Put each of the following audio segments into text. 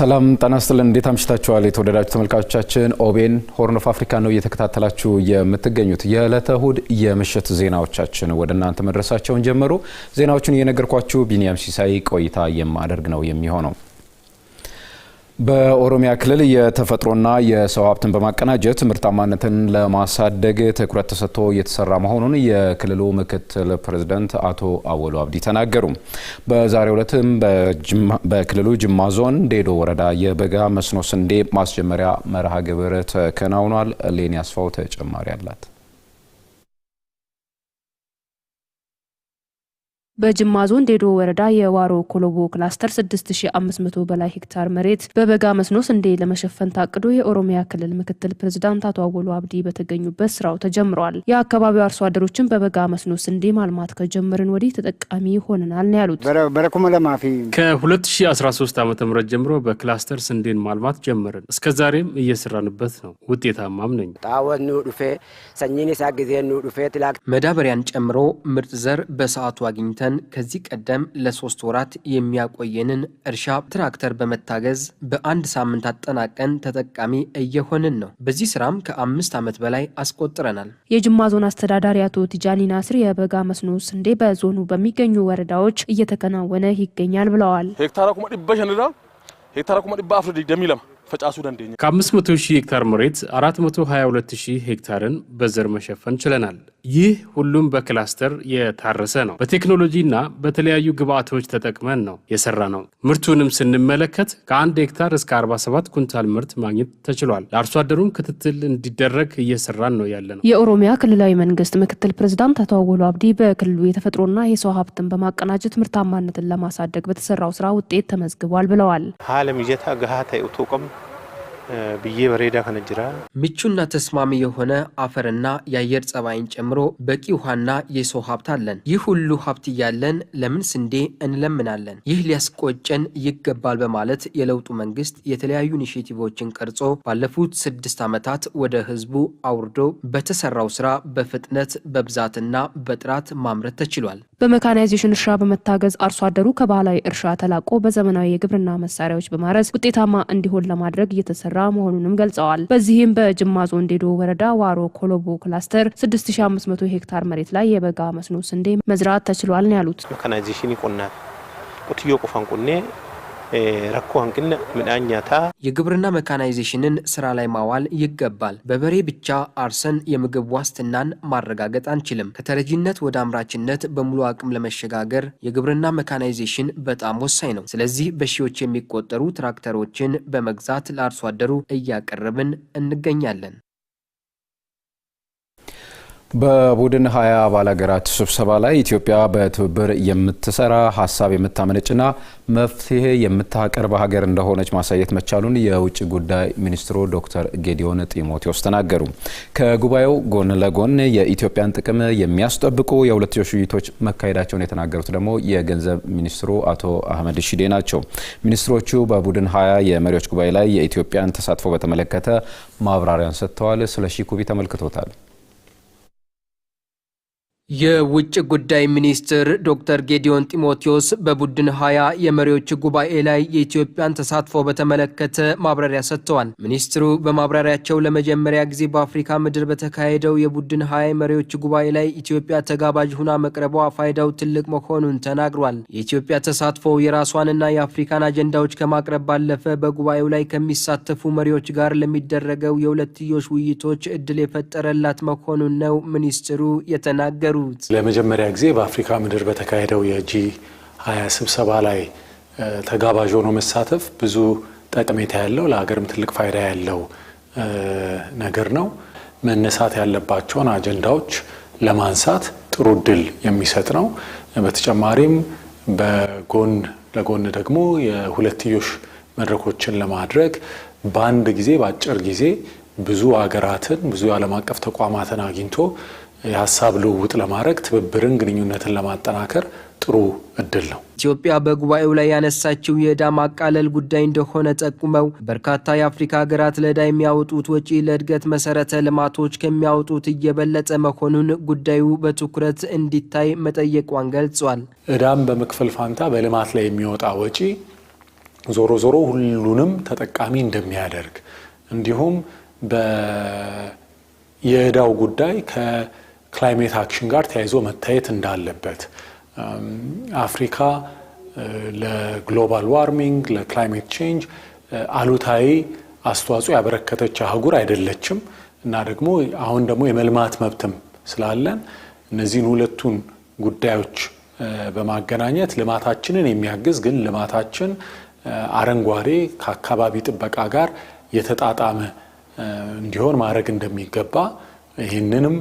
ሰላም ጤና ይስጥልን። እንዴት አምሽታችኋል? የተወደዳችሁ ተመልካቾቻችን ኦቤን ሆርን ኦፍ አፍሪካ ነው እየተከታተላችሁ የምትገኙት። የዕለተ እሁድ የምሽት ዜናዎቻችን ወደ እናንተ መድረሳቸውን ጀመሩ። ዜናዎቹን እየነገርኳችሁ ቢኒያም ሲሳይ ቆይታ የማደርግ ነው የሚሆነው በኦሮሚያ ክልል የተፈጥሮና የሰው ሀብትን በማቀናጀት ምርታማነትን ለማሳደግ ትኩረት ተሰጥቶ እየተሰራ መሆኑን የክልሉ ምክትል ፕሬዝዳንት አቶ አወሉ አብዲ ተናገሩ። በዛሬው ዕለትም በክልሉ ጅማ ዞን ዴዶ ወረዳ የበጋ መስኖ ስንዴ ማስጀመሪያ መርሃ ግብር ተከናውኗል። ሌኒ አስፋው ተጨማሪ አላት። በጅማ ዞን ዴዶ ወረዳ የዋሮ ኮሎቦ ክላስተር 6500 በላይ ሄክታር መሬት በበጋ መስኖ ስንዴ ለመሸፈን ታቅዶ የኦሮሚያ ክልል ምክትል ፕሬዝዳንት አቶ አወሎ አብዲ በተገኙበት ስራው ተጀምረዋል። የአካባቢው አርሶ አደሮችን በበጋ መስኖ ስንዴ ማልማት ከጀመርን ወዲህ ተጠቃሚ ሆነናል ነው ያሉት። ከ2013 ዓ ም ጀምሮ በክላስተር ስንዴን ማልማት ጀመርን። እስከዛሬም እየሰራንበት ነው። ውጤታማም ነኝ። ጣወኑ ዱፌ ሰኝን ሳ ጊዜ ዱፌ ትላክ መዳበሪያን ጨምሮ ምርጥ ዘር በሰዓቱ አግኝተን አውጥተን ከዚህ ቀደም ለሶስት ወራት የሚያቆየንን እርሻ ትራክተር በመታገዝ በአንድ ሳምንት አጠናቀን ተጠቃሚ እየሆንን ነው። በዚህ ስራም ከአምስት ዓመት በላይ አስቆጥረናል። የጅማ ዞን አስተዳዳሪ አቶ ቲጃኒ ናስር የበጋ መስኖ ስንዴ በዞኑ በሚገኙ ወረዳዎች እየተከናወነ ይገኛል ብለዋል። ሄክታራ ኩማ ዲባ ሄክታራ ዲባ ደሚለማ ፈጫሱ ደንደኛ ከ500 ሺህ ሄክታር መሬት 422 ሺህ ሄክታርን በዘር መሸፈን ችለናል። ይህ ሁሉም በክላስተር የታረሰ ነው። በቴክኖሎጂና በተለያዩ ግብአቶች ተጠቅመን ነው የሰራ ነው። ምርቱንም ስንመለከት ከአንድ ሄክታር እስከ 47 ኩንታል ምርት ማግኘት ተችሏል። ለአርሶ አደሩም ክትትል እንዲደረግ እየሰራን ነው ያለ ነው። የኦሮሚያ ክልላዊ መንግስት ምክትል ፕሬዝዳንት አቶ አወሎ አብዲ በክልሉ የተፈጥሮና የሰው ሀብትን በማቀናጀት ምርታማነትን ለማሳደግ በተሰራው ስራ ውጤት ተመዝግቧል ብለዋል። ሀለም ብዬ በሬዳ ከነጅራ ምቹና ተስማሚ የሆነ አፈርና የአየር ጸባይን ጨምሮ በቂ ውሃና የሰው ሀብት አለን። ይህ ሁሉ ሀብት እያለን ለምን ስንዴ እንለምናለን? ይህ ሊያስቆጨን ይገባል በማለት የለውጡ መንግስት የተለያዩ ኢኒሽቲቮችን ቀርጾ ባለፉት ስድስት ዓመታት ወደ ህዝቡ አውርዶ በተሰራው ስራ በፍጥነት በብዛትና በጥራት ማምረት ተችሏል። በመካናይዜሽን እርሻ በመታገዝ አርሶ አደሩ ከባህላዊ እርሻ ተላቆ በዘመናዊ የግብርና መሳሪያዎች በማረስ ውጤታማ እንዲሆን ለማድረግ እየተሰራ መሆኑንም ገልጸዋል። በዚህም በጅማ ዞን ዴዶ ወረዳ ዋሮ ኮሎቦ ክላስተር 6500 ሄክታር መሬት ላይ የበጋ መስኖ ስንዴ መዝራት ተችሏል ነው ያሉት። ሜካናይዜሽን ይቆናል ቁትዮ ቁፋን ቁኔ ረኮ ሀንቅነ ምዳን ኛታ የግብርና መካናይዜሽንን ስራ ላይ ማዋል ይገባል። በበሬ ብቻ አርሰን የምግብ ዋስትናን ማረጋገጥ አንችልም። ከተረጂነት ወደ አምራችነት በሙሉ አቅም ለመሸጋገር የግብርና መካናይዜሽን በጣም ወሳኝ ነው። ስለዚህ በሺዎች የሚቆጠሩ ትራክተሮችን በመግዛት ለአርሶ አደሩ እያቀረብን እንገኛለን። በቡድን ሀያ አባል ሀገራት ስብሰባ ላይ ኢትዮጵያ በትብብር የምትሰራ ሀሳብ የምታመነጭና መፍትሄ የምታቀርብ ሀገር እንደሆነች ማሳየት መቻሉን የውጭ ጉዳይ ሚኒስትሩ ዶክተር ጌዲዮን ጢሞቴዎስ ተናገሩ። ከጉባኤው ጎን ለጎን የኢትዮጵያን ጥቅም የሚያስጠብቁ የሁለትዮሽ ውይይቶች መካሄዳቸውን የተናገሩት ደግሞ የገንዘብ ሚኒስትሩ አቶ አህመድ ሺዴ ናቸው። ሚኒስትሮቹ በቡድን ሀያ የመሪዎች ጉባኤ ላይ የኢትዮጵያን ተሳትፎ በተመለከተ ማብራሪያን ሰጥተዋል። ስለሺ ኩቢ ተመልክቶታል። የውጭ ጉዳይ ሚኒስትር ዶክተር ጌዲዮን ጢሞቴዎስ በቡድን ሀያ የመሪዎች ጉባኤ ላይ የኢትዮጵያን ተሳትፎ በተመለከተ ማብራሪያ ሰጥተዋል። ሚኒስትሩ በማብራሪያቸው ለመጀመሪያ ጊዜ በአፍሪካ ምድር በተካሄደው የቡድን ሀያ የመሪዎች ጉባኤ ላይ ኢትዮጵያ ተጋባዥ ሁና መቅረቧ ፋይዳው ትልቅ መሆኑን ተናግሯል። የኢትዮጵያ ተሳትፎ የራሷንና የአፍሪካን አጀንዳዎች ከማቅረብ ባለፈ በጉባኤው ላይ ከሚሳተፉ መሪዎች ጋር ለሚደረገው የሁለትዮሽ ውይይቶች እድል የፈጠረላት መሆኑን ነው ሚኒስትሩ የተናገሩ ያሉት? ለመጀመሪያ ጊዜ በአፍሪካ ምድር በተካሄደው የጂ ሀያ ስብሰባ ላይ ተጋባዥ ሆኖ መሳተፍ ብዙ ጠቀሜታ ያለው ለሀገርም ትልቅ ፋይዳ ያለው ነገር ነው። መነሳት ያለባቸውን አጀንዳዎች ለማንሳት ጥሩ እድል የሚሰጥ ነው። በተጨማሪም በጎን ለጎን ደግሞ የሁለትዮሽ መድረኮችን ለማድረግ በአንድ ጊዜ በአጭር ጊዜ ብዙ ሀገራትን ብዙ የዓለም አቀፍ ተቋማትን አግኝቶ የሀሳብ ልውውጥ ለማድረግ ትብብርን፣ ግንኙነትን ለማጠናከር ጥሩ እድል ነው። ኢትዮጵያ በጉባኤው ላይ ያነሳችው የዕዳ ማቃለል ጉዳይ እንደሆነ ጠቁመው በርካታ የአፍሪካ ሀገራት ለዕዳ የሚያወጡት ወጪ ለእድገት መሰረተ ልማቶች ከሚያወጡት እየበለጠ መሆኑን ጉዳዩ በትኩረት እንዲታይ መጠየቋን ገልጿል። ዕዳም በመክፈል ፋንታ በልማት ላይ የሚወጣ ወጪ ዞሮ ዞሮ ሁሉንም ተጠቃሚ እንደሚያደርግ እንዲሁም የዕዳው ጉዳይ ክላይሜት አክሽን ጋር ተያይዞ መታየት እንዳለበት አፍሪካ ለግሎባል ዋርሚንግ ለክላይሜት ቼንጅ አሉታዊ አስተዋጽኦ ያበረከተች አህጉር አይደለችም እና ደግሞ አሁን ደግሞ የመልማት መብትም ስላለን እነዚህን ሁለቱን ጉዳዮች በማገናኘት ልማታችንን የሚያግዝ ግን ልማታችን አረንጓዴ ከአካባቢ ጥበቃ ጋር የተጣጣመ እንዲሆን ማድረግ እንደሚገባ ይህንንም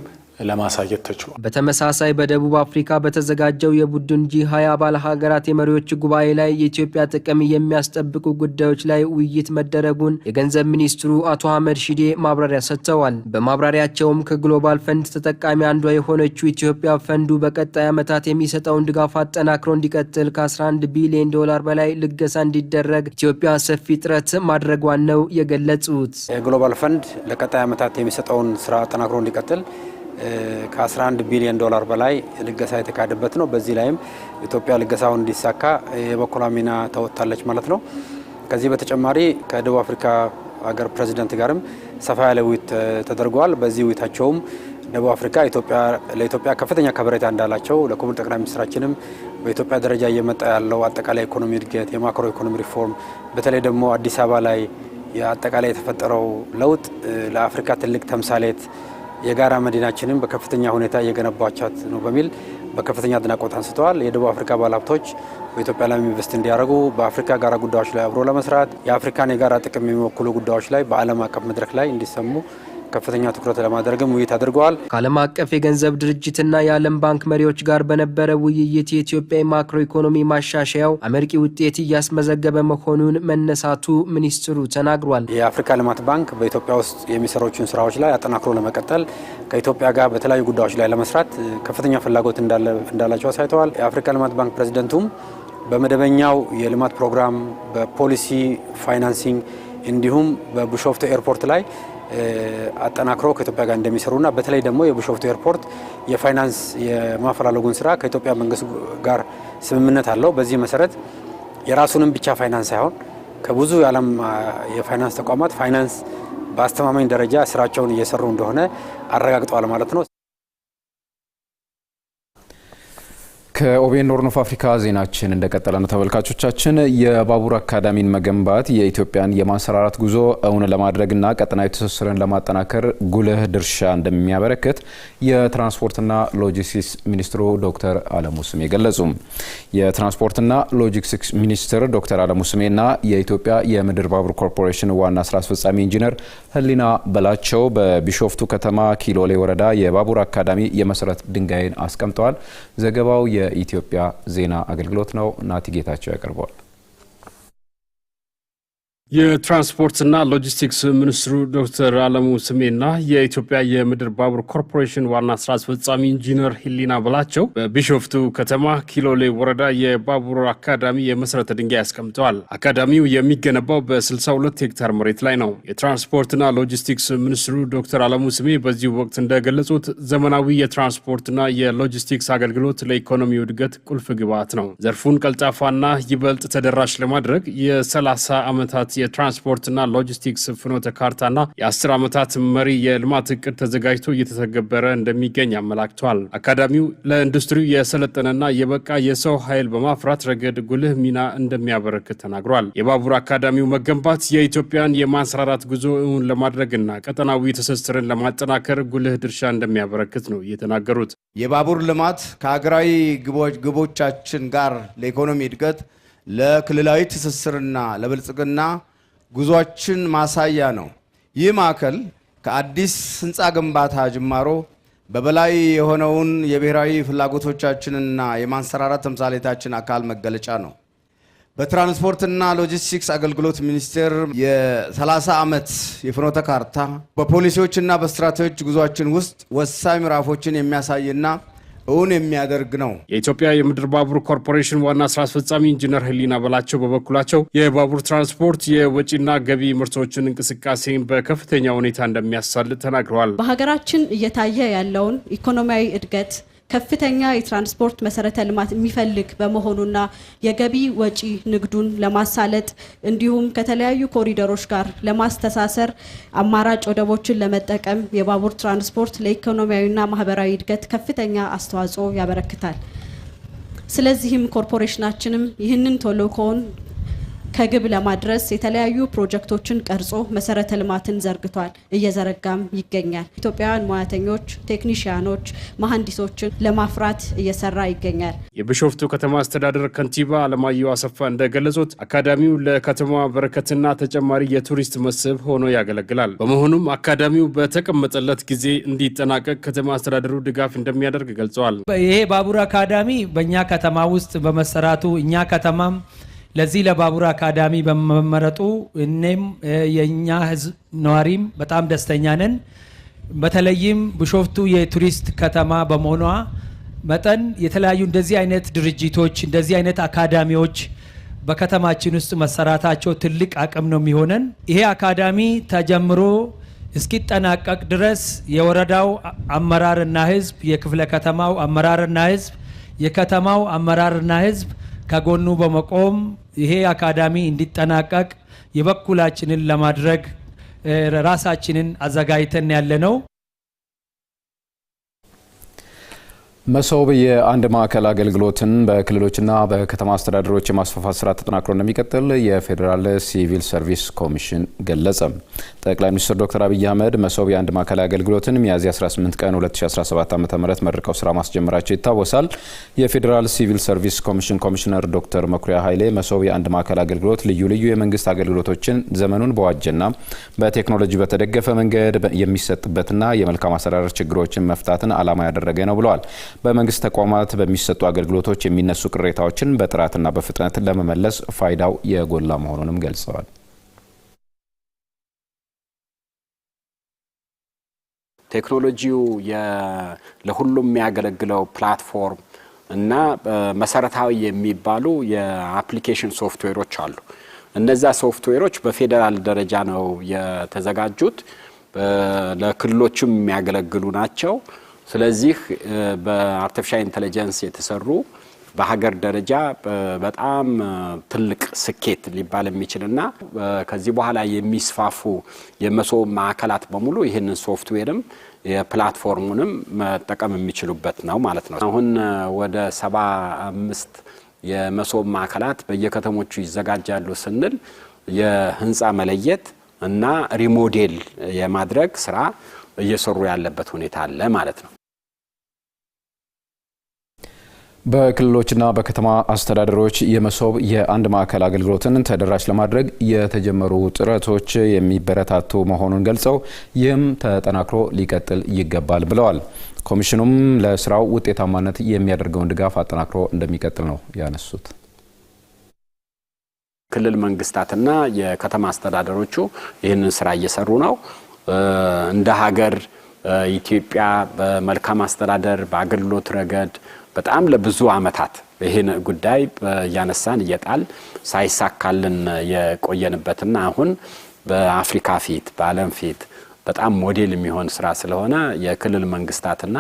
ለማሳየት ተችሏል። በተመሳሳይ በደቡብ አፍሪካ በተዘጋጀው የቡድን ጂ ሀያ አባል ሀገራት የመሪዎች ጉባኤ ላይ የኢትዮጵያ ጥቅም የሚያስጠብቁ ጉዳዮች ላይ ውይይት መደረጉን የገንዘብ ሚኒስትሩ አቶ አህመድ ሺዴ ማብራሪያ ሰጥተዋል። በማብራሪያቸውም ከግሎባል ፈንድ ተጠቃሚ አንዷ የሆነችው ኢትዮጵያ ፈንዱ በቀጣይ ዓመታት የሚሰጠውን ድጋፍ አጠናክሮ እንዲቀጥል ከ11 ቢሊዮን ዶላር በላይ ልገሳ እንዲደረግ ኢትዮጵያ ሰፊ ጥረት ማድረጓን ነው የገለጹት። የግሎባል ፈንድ ለቀጣይ ዓመታት የሚሰጠውን ስራ አጠናክሮ እንዲቀጥል ከ11 ቢሊዮን ዶላር በላይ ልገሳ የተካሄደበት ነው። በዚህ ላይም ኢትዮጵያ ልገሳውን እንዲሳካ የበኩሏ ሚና ተወጥታለች ማለት ነው። ከዚህ በተጨማሪ ከደቡብ አፍሪካ ሀገር ፕሬዚደንት ጋርም ሰፋ ያለ ውይይት ተደርጓል። በዚህ ውይይታቸውም ደቡብ አፍሪካ ለኢትዮጵያ ከፍተኛ ከበሬታ እንዳላቸው ለክቡር ጠቅላይ ሚኒስትራችንም በኢትዮጵያ ደረጃ እየመጣ ያለው አጠቃላይ ኢኮኖሚ እድገት፣ የማክሮ ኢኮኖሚ ሪፎርም፣ በተለይ ደግሞ አዲስ አበባ ላይ አጠቃላይ የተፈጠረው ለውጥ ለአፍሪካ ትልቅ ተምሳሌት የጋራ መዲናችንን በከፍተኛ ሁኔታ እየገነባቻት ነው በሚል በከፍተኛ አድናቆት አንስተዋል። የደቡብ አፍሪካ ባለሀብቶች በኢትዮጵያ ላይ ኢንቨስት እንዲያደርጉ በአፍሪካ ጋራ ጉዳዮች ላይ አብሮ ለመስራት የአፍሪካን የጋራ ጥቅም የሚወክሉ ጉዳዮች ላይ በዓለም አቀፍ መድረክ ላይ እንዲሰሙ ከፍተኛ ትኩረት ለማድረግም ውይይት አድርገዋል። ከዓለም አቀፍ የገንዘብ ድርጅትና የዓለም ባንክ መሪዎች ጋር በነበረ ውይይት የኢትዮጵያ የማክሮ ኢኮኖሚ ማሻሻያው አመርቂ ውጤት እያስመዘገበ መሆኑን መነሳቱ ሚኒስትሩ ተናግሯል። የአፍሪካ ልማት ባንክ በኢትዮጵያ ውስጥ የሚሰራዎችን ስራዎች ላይ አጠናክሮ ለመቀጠል ከኢትዮጵያ ጋር በተለያዩ ጉዳዮች ላይ ለመስራት ከፍተኛ ፍላጎት እንዳላቸው አሳይተዋል። የአፍሪካ ልማት ባንክ ፕሬዚደንቱም በመደበኛው የልማት ፕሮግራም በፖሊሲ ፋይናንሲንግ እንዲሁም በቢሾፍቱ ኤርፖርት ላይ አጠናክረው ከኢትዮጵያ ጋር እንደሚሰሩና በተለይ ደግሞ የቢሾፍቱ ኤርፖርት የፋይናንስ የማፈላለጉን ስራ ከኢትዮጵያ መንግስት ጋር ስምምነት አለው። በዚህ መሰረት የራሱንም ብቻ ፋይናንስ ሳይሆን ከብዙ የዓለም የፋይናንስ ተቋማት ፋይናንስ በአስተማማኝ ደረጃ ስራቸውን እየሰሩ እንደሆነ አረጋግጠዋል ማለት ነው። ከኦቤን ሆርን ኦፍ አፍሪካ ዜናችን እንደቀጠለ ነው። ተመልካቾቻችን የባቡር አካዳሚን መገንባት የኢትዮጵያን የማንሰራራት ጉዞ እውን ለማድረግና ቀጠናዊ ትስስርን ለማጠናከር ጉልህ ድርሻ እንደሚያበረክት የትራንስፖርትና ሎጂስቲክስ ሚኒስትሩ ዶክተር አለሙ ስሜ ገለጹ። የትራንስፖርትና ሎጂስቲክስ ሚኒስትር ዶክተር አለሙ ስሜና የኢትዮጵያ የምድር ባቡር ኮርፖሬሽን ዋና ስራ አስፈጻሚ ኢንጂነር ህሊና በላቸው በቢሾፍቱ ከተማ ኪሎሌ ወረዳ የባቡር አካዳሚ የመሰረት ድንጋይን አስቀምጠዋል። ዘገባው የ የኢትዮጵያ ዜና አገልግሎት ነው። ናቲ ጌታቸው ያቀርበዋል። የትራንስፖርትና ሎጂስቲክስ ሚኒስትሩ ዶክተር አለሙ ስሜና የኢትዮጵያ የምድር ባቡር ኮርፖሬሽን ዋና ስራ አስፈጻሚ ኢንጂነር ህሊና ብላቸው። በቢሾፍቱ ከተማ ኪሎሌ ወረዳ የባቡር አካዳሚ የመሰረተ ድንጋይ አስቀምጠዋል። አካዳሚው የሚገነባው በ62 ሄክታር መሬት ላይ ነው። የትራንስፖርትና ሎጂስቲክስ ሚኒስትሩ ዶክተር አለሙ ስሜ በዚህ ወቅት እንደገለጹት ዘመናዊ የትራንስፖርትና የሎጂስቲክስ አገልግሎት ለኢኮኖሚው እድገት ቁልፍ ግብዓት ነው። ዘርፉን ቀልጣፋና ይበልጥ ተደራሽ ለማድረግ የ30 ዓመታት የትራንስፖርትና ሎጂስቲክስ ፍኖተ ካርታና የአስር ዓመታት መሪ የልማት እቅድ ተዘጋጅቶ እየተተገበረ እንደሚገኝ አመላክቷል። አካዳሚው ለኢንዱስትሪው የሰለጠነና የበቃ የሰው ኃይል በማፍራት ረገድ ጉልህ ሚና እንደሚያበረክት ተናግሯል። የባቡር አካዳሚው መገንባት የኢትዮጵያን የማንሰራራት ጉዞ እውን ለማድረግና ቀጠናዊ ትስስርን ለማጠናከር ጉልህ ድርሻ እንደሚያበረክት ነው እየተናገሩት። የባቡር ልማት ከሀገራዊ ግቦቻችን ጋር ለኢኮኖሚ እድገት፣ ለክልላዊ ትስስርና ለብልጽግና ጉዟችን ማሳያ ነው። ይህ ማዕከል ከአዲስ ህንፃ ግንባታ ጅማሮ በበላይ የሆነውን የብሔራዊ ፍላጎቶቻችንና የማንሰራራት ተምሳሌታችን አካል መገለጫ ነው። በትራንስፖርትና ሎጂስቲክስ አገልግሎት ሚኒስቴር የ30 ዓመት የፍኖተ ካርታ በፖሊሲዎችና በስትራቴጂዎች ጉዟችን ውስጥ ወሳኝ ምዕራፎችን የሚያሳይና እውን የሚያደርግ ነው። የኢትዮጵያ የምድር ባቡር ኮርፖሬሽን ዋና ስራ አስፈጻሚ ኢንጂነር ህሊና በላቸው በበኩላቸው የባቡር ትራንስፖርት የወጪና ገቢ ምርቶችን እንቅስቃሴን በከፍተኛ ሁኔታ እንደሚያሳልጥ ተናግረዋል። በሀገራችን እየታየ ያለውን ኢኮኖሚያዊ እድገት ከፍተኛ የትራንስፖርት መሰረተ ልማት የሚፈልግ በመሆኑና የገቢ ወጪ ንግዱን ለማሳለጥ እንዲሁም ከተለያዩ ኮሪደሮች ጋር ለማስተሳሰር አማራጭ ወደቦችን ለመጠቀም የባቡር ትራንስፖርት ለኢኮኖሚያዊና ማህበራዊ እድገት ከፍተኛ አስተዋጽኦ ያበረክታል። ስለዚህም ኮርፖሬሽናችንም ይህንን ቶሎ ከሆን ከግብ ለማድረስ የተለያዩ ፕሮጀክቶችን ቀርጾ መሰረተ ልማትን ዘርግቷል፣ እየዘረጋም ይገኛል። ኢትዮጵያውያን ሙያተኞች፣ ቴክኒሽያኖች፣ መሐንዲሶችን ለማፍራት እየሰራ ይገኛል። የቢሾፍቱ ከተማ አስተዳደር ከንቲባ አለማየሁ አሰፋ እንደገለጹት አካዳሚው ለከተማዋ በረከትና ተጨማሪ የቱሪስት መስህብ ሆኖ ያገለግላል። በመሆኑም አካዳሚው በተቀመጠለት ጊዜ እንዲጠናቀቅ ከተማ አስተዳደሩ ድጋፍ እንደሚያደርግ ገልጸዋል። ይሄ ባቡር አካዳሚ በእኛ ከተማ ውስጥ በመሰራቱ እኛ ከተማም ለዚህ ለባቡር አካዳሚ በመመረጡ እኔም የእኛ ህዝብ ነዋሪም በጣም ደስተኛ ነን። በተለይም ብሾፍቱ የቱሪስት ከተማ በመሆኗ መጠን የተለያዩ እንደዚህ አይነት ድርጅቶች እንደዚህ አይነት አካዳሚዎች በከተማችን ውስጥ መሰራታቸው ትልቅ አቅም ነው የሚሆነን። ይሄ አካዳሚ ተጀምሮ እስኪጠናቀቅ ድረስ የወረዳው አመራርና ህዝብ፣ የክፍለ ከተማው አመራርና ህዝብ፣ የከተማው አመራርና ህዝብ ከጎኑ በመቆም ይሄ አካዳሚ እንዲጠናቀቅ የበኩላችንን ለማድረግ ራሳችንን አዘጋጅተን ያለ ነው። መሶብ የአንድ ማዕከል አገልግሎትን በክልሎችና በከተማ አስተዳደሮች የማስፋፋት ስራ ተጠናክሮ እንደሚቀጥል የፌዴራል ሲቪል ሰርቪስ ኮሚሽን ገለጸ። ጠቅላይ ሚኒስትር ዶክተር አብይ አህመድ መሶብ የአንድ ማዕከል አገልግሎትን ሚያዝያ 18 ቀን 2017 ዓ ም መርቀው ስራ ማስጀመራቸው ይታወሳል። የፌዴራል ሲቪል ሰርቪስ ኮሚሽን ኮሚሽነር ዶክተር መኩሪያ ኃይሌ መሶብ የአንድ ማዕከል አገልግሎት ልዩ ልዩ የመንግስት አገልግሎቶችን ዘመኑን በዋጀና በቴክኖሎጂ በተደገፈ መንገድ የሚሰጥበትና የመልካም አስተዳደር ችግሮችን መፍታትን ዓላማ ያደረገ ነው ብለዋል። በመንግስት ተቋማት በሚሰጡ አገልግሎቶች የሚነሱ ቅሬታዎችን በጥራትና በፍጥነት ለመመለስ ፋይዳው የጎላ መሆኑንም ገልጸዋል። ቴክኖሎጂው ለሁሉም የሚያገለግለው ፕላትፎርም እና መሰረታዊ የሚባሉ የአፕሊኬሽን ሶፍትዌሮች አሉ። እነዛ ሶፍትዌሮች በፌዴራል ደረጃ ነው የተዘጋጁት። ለክልሎችም የሚያገለግሉ ናቸው። ስለዚህ በአርቲፊሻል ኢንቴሊጀንስ የተሰሩ በሀገር ደረጃ በጣም ትልቅ ስኬት ሊባል የሚችልና ከዚህ በኋላ የሚስፋፉ የመሶብ ማዕከላት በሙሉ ይህንን ሶፍትዌርም የፕላትፎርሙንም መጠቀም የሚችሉበት ነው ማለት ነው። አሁን ወደ ሰባ አምስት የመሶብ ማዕከላት በየከተሞቹ ይዘጋጃሉ ስንል የህንፃ መለየት እና ሪሞዴል የማድረግ ስራ እየሰሩ ያለበት ሁኔታ አለ ማለት ነው። በክልሎችና በከተማ አስተዳደሮች የመሶብ የአንድ ማዕከል አገልግሎትን ተደራሽ ለማድረግ የተጀመሩ ጥረቶች የሚበረታቱ መሆኑን ገልጸው ይህም ተጠናክሮ ሊቀጥል ይገባል ብለዋል። ኮሚሽኑም ለስራው ውጤታማነት የሚያደርገውን ድጋፍ አጠናክሮ እንደሚቀጥል ነው ያነሱት። ክልል መንግስታትና የከተማ አስተዳደሮቹ ይህንን ስራ እየሰሩ ነው። እንደ ሀገር ኢትዮጵያ በመልካም አስተዳደር በአገልግሎት ረገድ በጣም ለብዙ አመታት ይህን ጉዳይ እያነሳን እየጣል ሳይሳካልን የቆየንበትና አሁን በአፍሪካ ፊት በአለም ፊት በጣም ሞዴል የሚሆን ስራ ስለሆነ የክልል መንግስታትና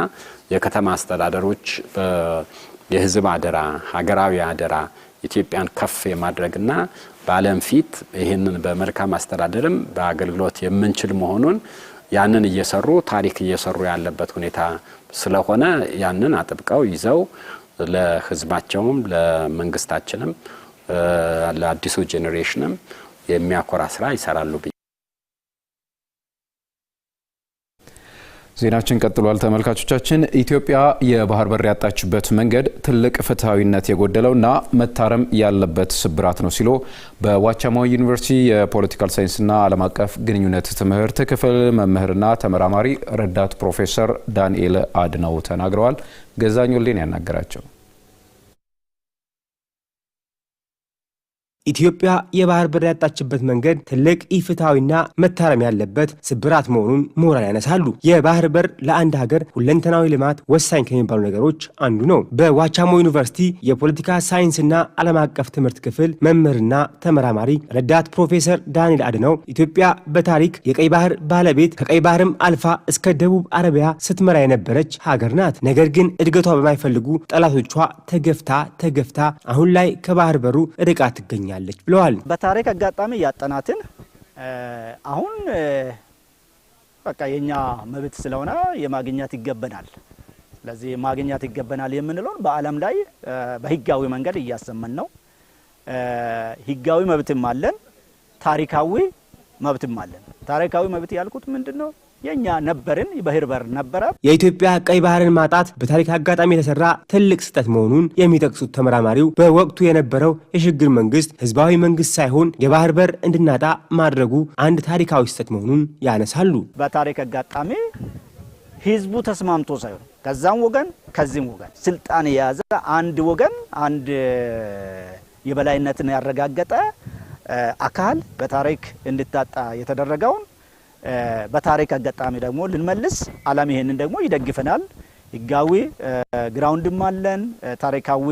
የከተማ አስተዳደሮች የህዝብ አደራ፣ ሀገራዊ አደራ ኢትዮጵያን ከፍ የማድረግና በአለም ፊት ይህንን በመልካም አስተዳደርም በአገልግሎት የምንችል መሆኑን ያንን እየሰሩ ታሪክ እየሰሩ ያለበት ሁኔታ ስለሆነ ያንን አጥብቀው ይዘው ለህዝባቸውም ለመንግስታችንም ለአዲሱ ጄኔሬሽንም የሚያኮራ ስራ ይሰራሉ ብ ዜናችን ቀጥሏል። ተመልካቾቻችን ኢትዮጵያ የባህር በር ያጣችበት መንገድ ትልቅ ፍትሐዊነት የጎደለውና መታረም ያለበት ስብራት ነው ሲሉ በዋቻሞ ዩኒቨርሲቲ የፖለቲካል ሳይንስና ዓለም አቀፍ ግንኙነት ትምህርት ክፍል መምህርና ተመራማሪ ረዳት ፕሮፌሰር ዳንኤል አድነው ተናግረዋል። ገዛኝ ያናገራቸው ኢትዮጵያ የባህር በር ያጣችበት መንገድ ትልቅ ኢፍትሐዊና መታረም ያለበት ስብራት መሆኑን ምሁራን ያነሳሉ። የባህር በር ለአንድ ሀገር ሁለንተናዊ ልማት ወሳኝ ከሚባሉ ነገሮች አንዱ ነው። በዋቻሞ ዩኒቨርሲቲ የፖለቲካ ሳይንስና ዓለም አቀፍ ትምህርት ክፍል መምህርና ተመራማሪ ረዳት ፕሮፌሰር ዳንኤል አድነው ኢትዮጵያ በታሪክ የቀይ ባህር ባለቤት ከቀይ ባህርም አልፋ እስከ ደቡብ አረቢያ ስትመራ የነበረች ሀገር ናት። ነገር ግን እድገቷ በማይፈልጉ ጠላቶቿ ተገፍታ ተገፍታ አሁን ላይ ከባህር በሩ ርቃ ትገኛል። ትገኛለች ብለዋል። በታሪክ አጋጣሚ ያጠናትን አሁን በቃ የኛ መብት ስለሆነ የማግኘት ይገበናል። ስለዚህ ማግኘት ይገበናል የምንለውን በዓለም ላይ በህጋዊ መንገድ እያሰመን ነው። ህጋዊ መብትም አለን፣ ታሪካዊ መብትም አለን። ታሪካዊ መብት ያልኩት ምንድን ነው? የኛ ነበርን ባህር በር ነበረ። የኢትዮጵያ ቀይ ባህርን ማጣት በታሪክ አጋጣሚ የተሰራ ትልቅ ስህተት መሆኑን የሚጠቅሱት ተመራማሪው በወቅቱ የነበረው የሽግግር መንግስት ህዝባዊ መንግስት ሳይሆን የባህር በር እንድናጣ ማድረጉ አንድ ታሪካዊ ስህተት መሆኑን ያነሳሉ። በታሪክ አጋጣሚ ህዝቡ ተስማምቶ ሳይሆን ከዛም ወገን ከዚህም ወገን ስልጣን የያዘ አንድ ወገን አንድ የበላይነትን ያረጋገጠ አካል በታሪክ እንድታጣ የተደረገውን በታሪክ አጋጣሚ ደግሞ ልንመልስ ዓለም ይሄንን ደግሞ ይደግፈናል። ህጋዊ ግራውንድም አለን፣ ታሪካዊ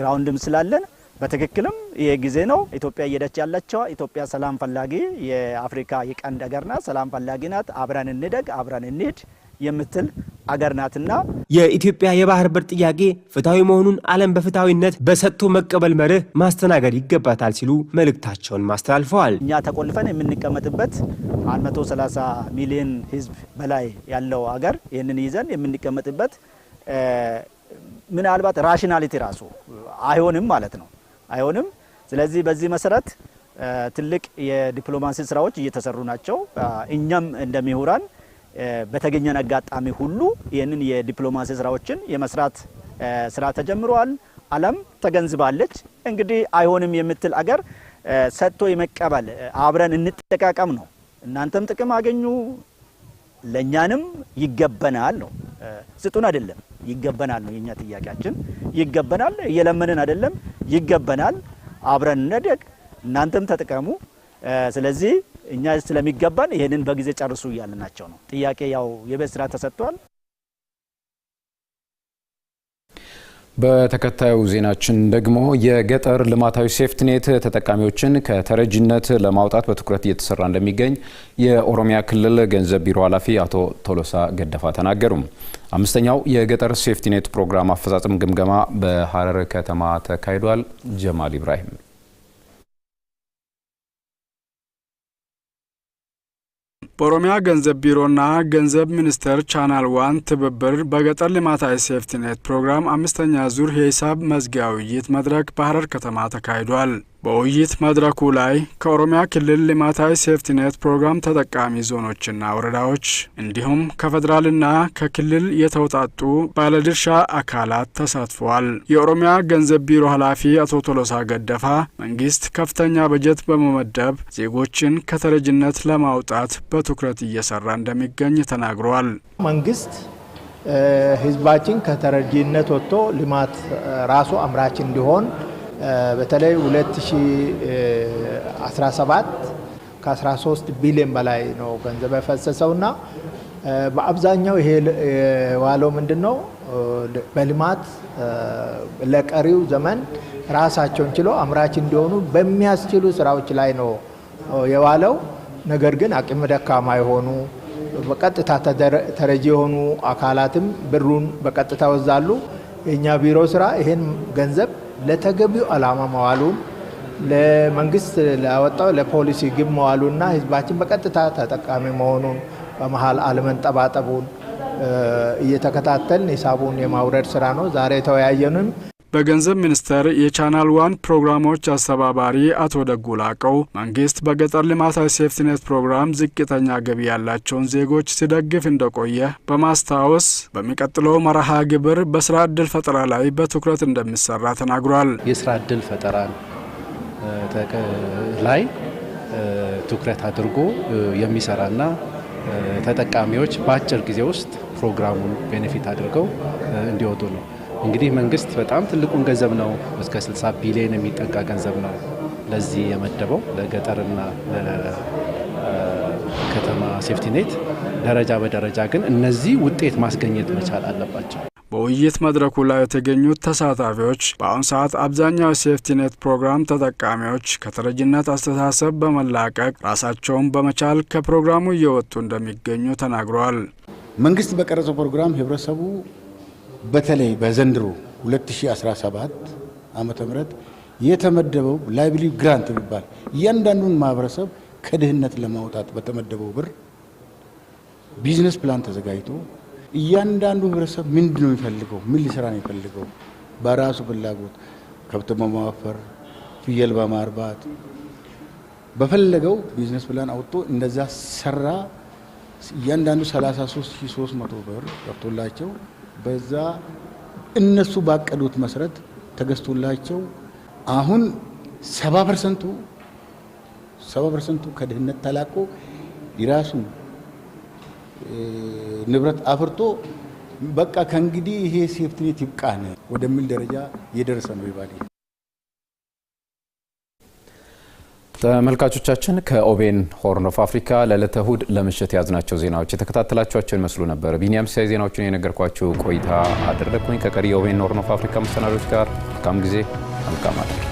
ግራውንድም ስላለን በትክክልም ይሄ ጊዜ ነው። ኢትዮጵያ እየሄደች ያለችው ኢትዮጵያ ሰላም ፈላጊ የአፍሪካ የቀንድ ሀገር ናት፣ ሰላም ፈላጊ ናት። አብረን እንደግ፣ አብረን እንሂድ የምትል አገር ናትና የኢትዮጵያ የባህር በር ጥያቄ ፍትሐዊ መሆኑን ዓለም በፍትሐዊነት በሰጥቶ መቀበል መርህ ማስተናገድ ይገባታል ሲሉ መልእክታቸውን ማስተላልፈዋል። እኛ ተቆልፈን የምንቀመጥበት 130 ሚሊዮን ህዝብ በላይ ያለው አገር ይህንን ይዘን የምንቀመጥበት ምናልባት ራሽናሊቲ ራሱ አይሆንም ማለት ነው አይሆንም። ስለዚህ በዚህ መሰረት ትልቅ የዲፕሎማሲ ስራዎች እየተሰሩ ናቸው። እኛም እንደሚሁራን። በተገኘን አጋጣሚ ሁሉ ይህንን የዲፕሎማሲ ስራዎችን የመስራት ስራ ተጀምረዋል። ዓለም ተገንዝባለች። እንግዲህ አይሆንም የምትል አገር ሰጥቶ የመቀበል አብረን እንጠቃቀም ነው። እናንተም ጥቅም አገኙ ለእኛንም ይገበናል ነው። ስጡን አይደለም ይገበናል ነው የእኛ ጥያቄያችን። ይገበናል እየለመንን አይደለም፣ ይገበናል። አብረን እንደግ፣ እናንተም ተጠቀሙ። ስለዚህ እኛ ስለሚገባን ይህንን በጊዜ ጨርሱ እያልናቸው ነው። ጥያቄ ያው የቤት ስራ ተሰጥቷል። በተከታዩ ዜናችን ደግሞ የገጠር ልማታዊ ሴፍትኔት ተጠቃሚዎችን ከተረጅነት ለማውጣት በትኩረት እየተሰራ እንደሚገኝ የኦሮሚያ ክልል ገንዘብ ቢሮ ኃላፊ አቶ ቶሎሳ ገደፋ ተናገሩ። አምስተኛው የገጠር ሴፍትኔት ፕሮግራም አፈጻጸም ግምገማ በሀረር ከተማ ተካሂዷል። ጀማል ኢብራሂም በኦሮሚያ ገንዘብ ቢሮና ገንዘብ ሚኒስቴር ቻናል ዋን ትብብር በገጠር ልማታዊ ሴፍቲኔት ፕሮግራም አምስተኛ ዙር የሂሳብ መዝጊያ ውይይት መድረክ በሐረር ከተማ ተካሂዷል። በውይይት መድረኩ ላይ ከኦሮሚያ ክልል ልማታዊ ሴፍቲኔት ፕሮግራም ተጠቃሚ ዞኖችና ወረዳዎች እንዲሁም ከፌዴራልና ከክልል የተውጣጡ ባለድርሻ አካላት ተሳትፈዋል። የኦሮሚያ ገንዘብ ቢሮ ኃላፊ አቶ ቶሎሳ ገደፋ መንግስት ከፍተኛ በጀት በመመደብ ዜጎችን ከተረጅነት ለማውጣት በትኩረት እየሰራ እንደሚገኝ ተናግረዋል። መንግስት ህዝባችን ከተረጅነት ወጥቶ ልማት ራሱ አምራች እንዲሆን በተለይ 2017 ከ13 ቢሊዮን በላይ ነው ገንዘብ እና በአብዛኛው ይሄ የዋለው ምንድን ነው በልማት ለቀሪው ዘመን ራሳቸውን ችለው አምራች እንዲሆኑ በሚያስችሉ ስራዎች ላይ ነው የዋለው። ነገር ግን አቅም ደካማ የሆኑ በቀጥታ ተረጂ የሆኑ አካላትም ብሩን በቀጥታ ወዛሉ። የእኛ ቢሮ ስራ ይሄን ገንዘብ ለተገቢው ዓላማ መዋሉም ለመንግስት ላወጣው ለፖሊሲ ግብ መዋሉና ህዝባችን በቀጥታ ተጠቃሚ መሆኑን በመሀል አለመንጠባጠቡን እየተከታተልን ሂሳቡን የማውረድ ስራ ነው ዛሬ የተወያየንም በገንዘብ ሚኒስቴር የቻናል ዋን ፕሮግራሞች አስተባባሪ አቶ ደጉ ላቀው መንግስት በገጠር ልማታዊ ሴፍቲኔት ፕሮግራም ዝቅተኛ ገቢ ያላቸውን ዜጎች ሲደግፍ እንደቆየ በማስታወስ በሚቀጥለው መርሃ ግብር በስራ ዕድል ፈጠራ ላይ በትኩረት እንደሚሰራ ተናግሯል። የስራ እድል ፈጠራ ላይ ትኩረት አድርጎ የሚሰራና ተጠቃሚዎች በአጭር ጊዜ ውስጥ ፕሮግራሙን ቤኔፊት አድርገው እንዲወጡ ነው። እንግዲህ መንግስት በጣም ትልቁን ገንዘብ ነው እስከ 60 ቢሊዮን የሚጠጋ ገንዘብ ነው ለዚህ የመደበው ለገጠርና ለከተማ ሴፍቲኔት። ደረጃ በደረጃ ግን እነዚህ ውጤት ማስገኘት መቻል አለባቸው። በውይይት መድረኩ ላይ የተገኙት ተሳታፊዎች በአሁኑ ሰዓት አብዛኛው የሴፍቲኔት ፕሮግራም ተጠቃሚዎች ከተረጅነት አስተሳሰብ በመላቀቅ ራሳቸውን በመቻል ከፕሮግራሙ እየወጡ እንደሚገኙ ተናግረዋል። መንግስት በቀረጸው ፕሮግራም ህብረተሰቡ በተለይ በዘንድሮ 2017 ዓመተ ምህረት የተመደበው ላይብሊ ግራንት የሚባል እያንዳንዱን ማህበረሰብ ከድህነት ለማውጣት በተመደበው ብር ቢዝነስ ፕላን ተዘጋጅቶ እያንዳንዱ ህብረተሰብ ምንድን ነው የሚፈልገው? ምን ሊሰራ ነው የሚፈልገው? በራሱ ፍላጎት ከብት በማዋፈር ፍየል በማርባት በፈለገው ቢዝነስ ፕላን አውጥቶ እንደዛ ሰራ። እያንዳንዱ 33300 ብር ገብቶላቸው በዛ እነሱ ባቀዱት መሰረት ተገዝቶላቸው አሁን 70 ፐርሰንቱ 70 ፐርሰንቱ ከድህነት ተላቆ የራሱ ንብረት አፍርቶ በቃ ከእንግዲህ ይሄ ሴፍትኔት ይብቃን ወደሚል ደረጃ የደረሰ ነው ይባል ተመልካቾቻችን ከኦቤን ሆርን ኦፍ አፍሪካ ለዕለተ እሁድ ለምሽት የያዝናቸው ዜናዎች የተከታተላችኋቸው ይመስሉ ነበር። ቢኒያም ሲሳይ ዜናዎቹን የነገርኳችሁ ቆይታ አደረግኩኝ። ከቀሪ የኦቤን ሆርን ኦፍ አፍሪካ መሰናዶች ጋር መልካም ጊዜ፣ መልካም አደር